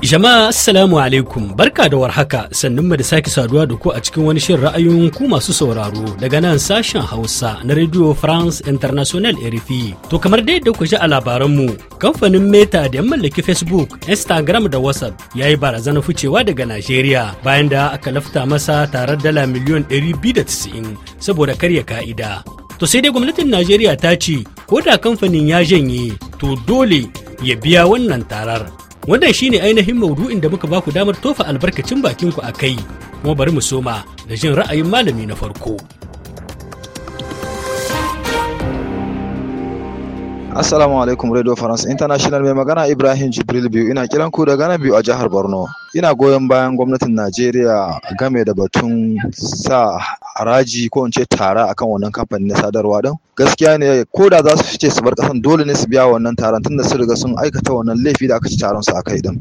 Jama'a Assalamu alaikum barka da warhaka sannun mu da sake saduwa da ku a cikin wani shirin ra'ayoyin ku masu sauraro daga nan sashen Hausa na Radio France International RFI. To kamar dai da ku ji a mu, kamfanin Meta da ya mallaki Facebook, Instagram da WhatsApp ya yi barazana ficewa daga Najeriya bayan da aka lafta masa tarar dala miliyon 290 saboda karya ka'ida. To sai dai gwamnatin Najeriya ta ce ko da kamfanin ya janye to dole ya biya wannan tarar wannan shine ainihin maudu'in da muka baku damar tofa albarkacin bakinku a kai kuma bari mu soma da jin ra'ayin malami na farko Assalamu alaikum Radio France International mai magana Ibrahim Jibril biyu ina kiran ku daga nan biyu a jihar Borno. Ina goyon bayan gwamnatin Najeriya game da batun sa haraji ko in ce tara akan wannan kamfanin na sadarwa din gaskiya ne ko da za su fice su bar kasan dole ne su biya wannan taron tunda su riga sun aikata wannan laifi da aka ci taron su akai din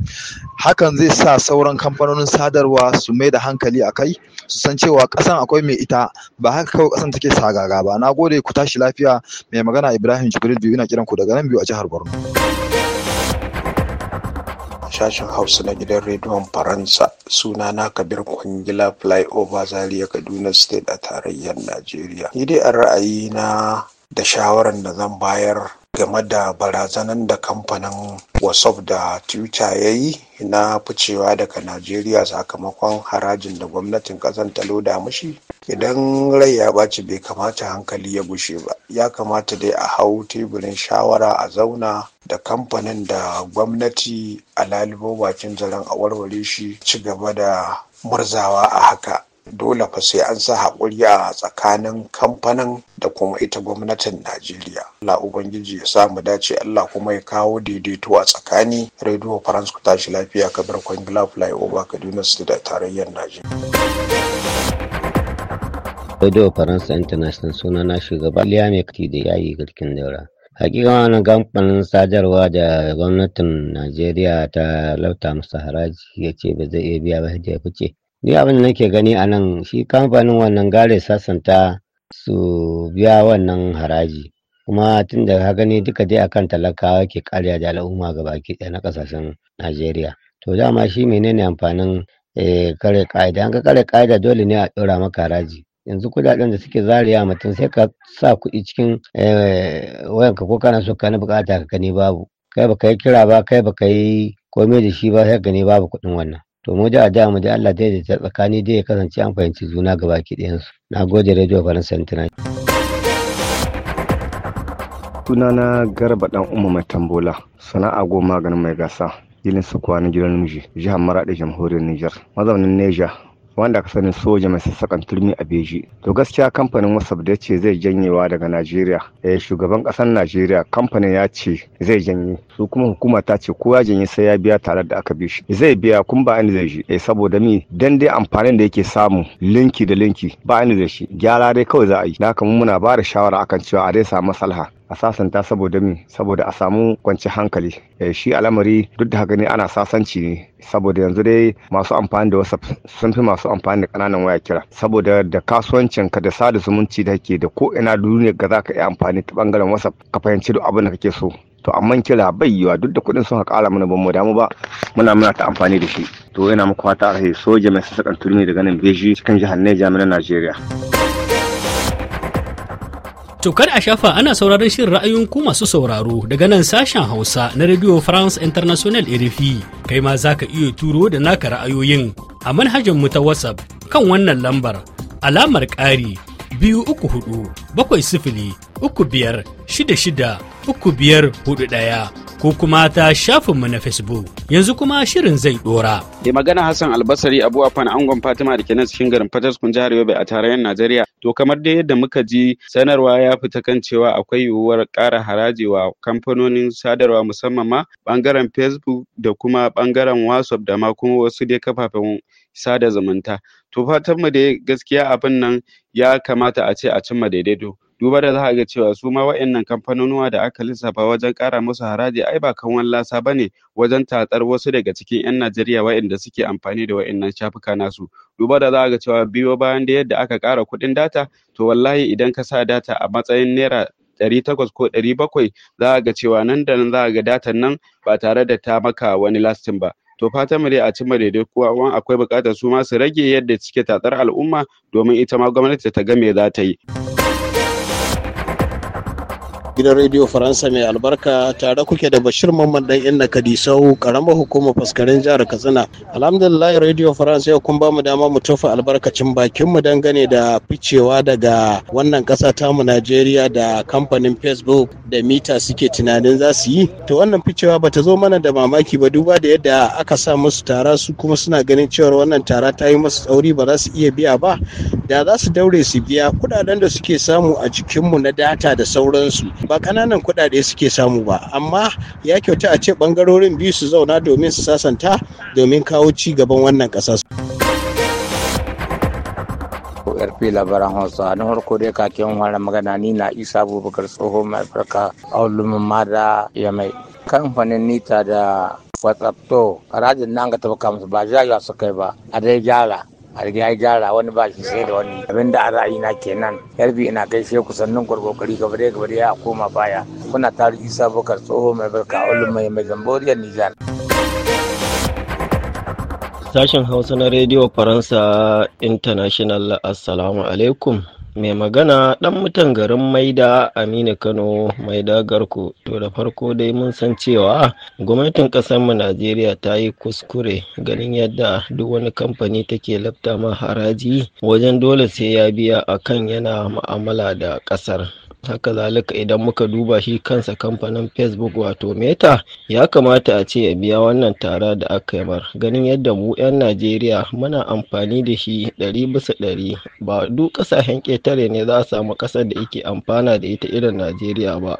hakan zai sa sauran kamfanonin sadarwa su mai da hankali akai su san cewa kasan akwai mai ita ba haka kawai kasan take sagaga ba na gode ku tashi lafiya mai magana Ibrahim Jibril biyu ina kiran ku daga nan biyu a jihar Borno sashen hausa na gidan rediyon faransa suna na kabir kwangila flyover zaria kaduna state a tarayyar najeriya ni dai a ra'ayi na da shawarar da zan bayar game da barazanan da kamfanin wasof da twitter ya yi na ficewa daga najeriya sakamakon harajin da gwamnatin kasan ta loda mashi idan rai ya baci bai kamata hankali ya gushe ba ya kamata dai a hau teburin shawara a zauna da kamfanin da gwamnati a lalibo bakin zaren a warware shi ci gaba da murzawa a haka dole fa sai an sa haƙuri a tsakanin kamfanin da kuma ita gwamnatin Najeriya. Allah Ubangiji ya sa mu dace Allah kuma ya kawo daidaito a tsakani Rediyo France ku tashi lafiya ka bar kwangila flyover Kaduna State da tarayyar Najeriya. Rediyo Faransa International suna na shugaba Liam da yayi garkin daura. Hakika wani kamfanin sadarwa da gwamnatin Najeriya ta lauta musa haraji ya ce ba zai iya biya ba da ya fice. ni abin da nake gani a nan shi kamfanin wannan gare sassanta su biya wannan haraji kuma tun da ka gani duka dai akan talakawa ke karya da al'umma ga baki ɗaya na ƙasashen najeriya to dama shi menene amfanin eh, kare ƙa'ida an ka kare ƙa'ida dole ne a ɗora maka haraji yanzu kudaden da suke zariya mutum sai ka sa kuɗi cikin eh, wayanka ko kana so kana bukata ka gani babu kai baka yi kira ba kai baka yi komai da shi ba sai gani babu kuɗin wannan to mu a da mu da Allah daidaita tsakani dai ya kasance an fahimci juna gaba ki ɗayansu na gode radio faransa international sunana garba ɗan umma mai tambola sana'a goma ganin mai gasa ilin sukuwa na gidan miji jihar maraɗi jamhuriyar niger mazaunin neja wanda aka sani soja mai sassakan turmi a beji to gaskiya kamfanin wasaf da ce zai janyewa daga najeriya eh shugaban ƙasar najeriya kamfanin ya ce zai janye su kuma hukuma ta ce ko ya janye sai ya biya tare da aka bi shi zai biya kun ba ni zai shi eh saboda mi dan dai amfanin da yake samu linki da linki ba ni zai shi gyara dai kawai za a yi Na haka muna ba da shawara akan cewa a dai samu salha a sasanta saboda mi saboda a samu kwanci hankali eh, shi al'amari duk da haka ne ana sasanci ne saboda yanzu dai masu amfani da whatsapp sun fi masu amfani da kananan waya kira saboda da kasuwancin ka da sada zumunci da ke da ko ina duniya ga zaka iya amfani ta bangaren whatsapp ka fahimci duk abin da kake so to amma kira bai yiwa duk da kuɗin sun kara mana ban mu damu ba muna muna ta amfani da shi to yana muku fata alheri soja mai sassaƙan turmi daga nan beji cikin jihar Neja na Najeriya. Tokar a shafa ana sauraron shirin ra'ayin ku masu sauraro daga nan sashen Hausa na Radio France International RFI. Kai ma za ka iya turo da naka ra'ayoyin a manhajar mu ta WhatsApp kan wannan lambar alamar ƙari biyu uku hudu bakwai sifili uku biyar shida shida uku biyar hudu ɗaya. ko kuma ta shafinmu na Facebook. Yanzu kuma shirin zai dora. Da magana Hassan Albasari Abu Afan Angon Fatima da ke nan cikin garin Fataskun jihar Yobe a tarayyar Najeriya. To kamar dai yadda muka ji sanarwa ya fita kan cewa akwai yiwuwar ƙara haraji wa kamfanonin sadarwa musamman ma bangaren Facebook da kuma bangaren WhatsApp da ma kuma wasu dai kafafen sada zumunta. To fatanmu mu dai gaskiya abin nan ya kamata a ce a cimma daidaito. duba da za a ga cewa su ma wa'annan kamfanonuwa da aka lissafa wajen ƙara musu haraji ai ba kanwan lasa ba ne wajen tatsar wasu daga cikin 'yan Najeriya wa'anda suke amfani da wa'annan shafuka nasu. Duba da za a ga cewa biyo bayan da yadda aka ƙara kuɗin data to wallahi idan ka sa data a matsayin naira ɗari takwas ko ɗari bakwai za a ga cewa nan da nan za a ga datan nan ba tare da ta maka wani lastin ba. to fatan mu dai a cimma daidai kuwa wan akwai buƙatar su ma su rage yadda suke tatsar al'umma domin ita ma gwamnati ta ga me za ta yi. gidan radio faransa mai albarka tare kuke da bashir mamman dan inna kadisau karamar hukumar faskarin jihar katsina alhamdulillah radio faransa yau kun bamu dama mu tofa albarkacin bakin mu dangane da ficewa daga wannan kasa tamu najeriya da kamfanin facebook da mita suke tunanin za su yi to wannan ficewa bata zo mana da mamaki ba duba da yadda aka sa musu tara su kuma suna ganin cewa wannan tara ta yi musu tsauri ba za su iya biya ba da za su daure su biya kudaden da suke samu a jikinmu na data da sauransu ba ƙananan kuɗaɗe suke samu ba amma ya kyauta a ce ɓangarorin biyu su zauna domin su sasanta domin kawo ci gaban wannan ƙasa. fi labaran hausa na farko dai kakin wani magana ni na isa abubakar tsoho mai farka a mada ya mai kamfanin nita da whatsapp to rajin nan ga taba musu ba jaya su kai ba a dai gyara alhaji ya gyara wani ba shi sai da wani abin da a na kenan yarbi ina gaishe ku kusannin gwargwakari gaba bare gaba ya koma baya kuna tare isa bakar tsoho mai barka a mai mai zamboriyar nijar. Sashen Hausa na Rediyo Faransa International Assalamu alaikum. mai magana dan mutan garin maida aminu kano maida garku to da farko dai mun san cewa gwamnatin mu najeriya ta yi kuskure ganin yadda duk wani kamfani take lafta ma haraji wajen dole sai ya biya akan yana ma'amala da ƙasar haka zalika idan muka duba shi kansa kamfanin facebook wato meta ya kamata a ce ya biya wannan tara da aka yi mar ganin yadda mu 'yan najeriya muna amfani da shi 100% ba duk ƙasashen ƙetare ne za a samu ƙasar da yake amfana da ita irin najeriya ba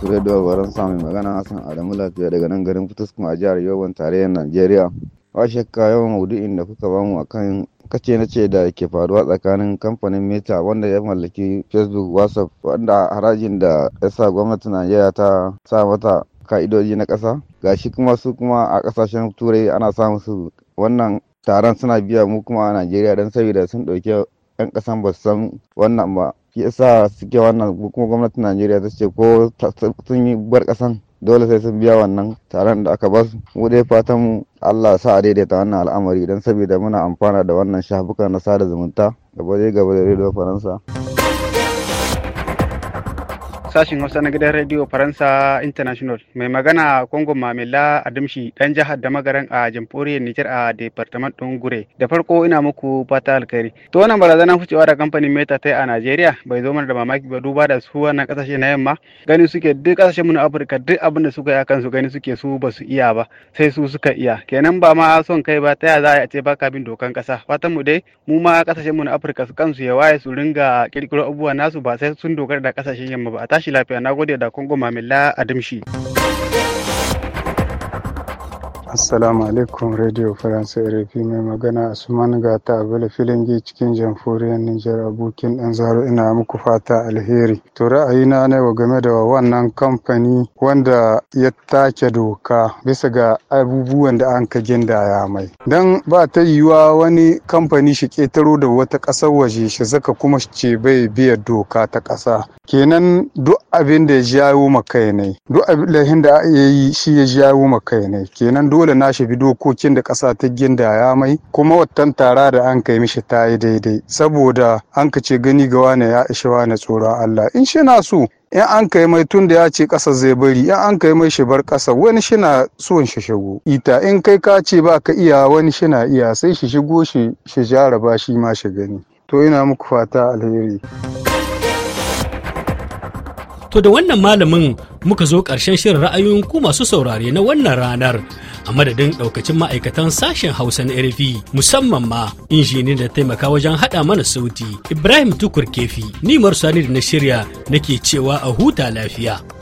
Turai da samun magana Hassan Adamu Lafiya daga nan garin Fitaskun a jihar Yoban tarayyar Najeriya. Ba shakka yawan maudu'in da kuka bamu akan kace na ce da ke faruwa tsakanin kamfanin meta wanda ya mallaki facebook whatsapp wanda harajin da ya sa gwamnati najeriya ta sa mata ka'idoji na ƙasa gashi kuma su kuma a ƙasashen turai ana samun su wannan taron suna biya mu kuma a najeriya don saboda sun ɗauki 'yan ƙasan ba su san wannan ba ya yasa suke wannan kuma gwamnatin najeriya ta ce ko sun yi bar ƙasan dole sai sun biya wannan taron da aka basu mu dai fatan mu Allah sa a daidaita wannan al'amari don saboda muna amfana da wannan shafukan na sada zumunta gaba dai gaba da rediyo faransa. Sashin Hausa na gidan Radio Faransa International mai magana Kongo mamila Adamshi dan jihar da magaran a jamhuriyar Nijar a Departement ɗin Gure. Da farko ina muku fata alkhairi. To wannan barazanar ficewa da kamfanin Meta ta a nigeria bai zo mana da mamaki ba duba da su wannan kasashe na yamma gani suke duk kasashen mu na Afirka duk abin da suka yi kansu gani suke su ba su iya ba sai su suka iya. Kenan ba ma son kai ba ta za a ce baka bin dokan kasa. Fatan mu dai mu ma kasashen mu na Afirka su kansu ya waye su ringa kirkiro abubuwa nasu ba sai sun dogara da kasashen yamma ba. tashi lafiya na gode da kongo mamila adamshi. assalamu alaikum radio faransa rfi mai magana usman gata abula filingi cikin jamhuriyar nijar abokin ɗan zaro ina muku fata alheri to ra'ayina na wa game da wannan kamfani wanda ya take doka bisa ga abubuwan da an ka gindaya mai dan ba ta yiwuwa wani kamfani shi ƙetaro da wata ƙasar waje shi zaka kuma ce bai biya doka ta ƙasa kenan duk abin da ya jawo makai ne duk abin da ya yi shi ya jawo makai ne kenan duk dole na shi bi dokokin da ƙasa ta ginda ya mai kuma watan tara da an kai mishi ta yi daidai saboda an ka ce gani ga wane ya ishe wane tsoron Allah in shi na so in an kai mai tun da ya ce ƙasa zai bari in an kai mai shi bar ƙasa wani shi na son shi shigo ita in kai ka ce ba ka iya wani shi na iya sai shi shigo shi shi jaraba shi ma shi gani to ina muku fata alheri To da wannan malamin muka zo ƙarshen shirin ra'ayoyin ku masu saurare na wannan ranar a madadin ɗaukacin ma'aikatan sashen Hausa na RFI musamman ma injinin da taimaka wajen haɗa mana sauti Ibrahim Tukur Kefi ni Marsani da na shirya nake cewa a huta lafiya.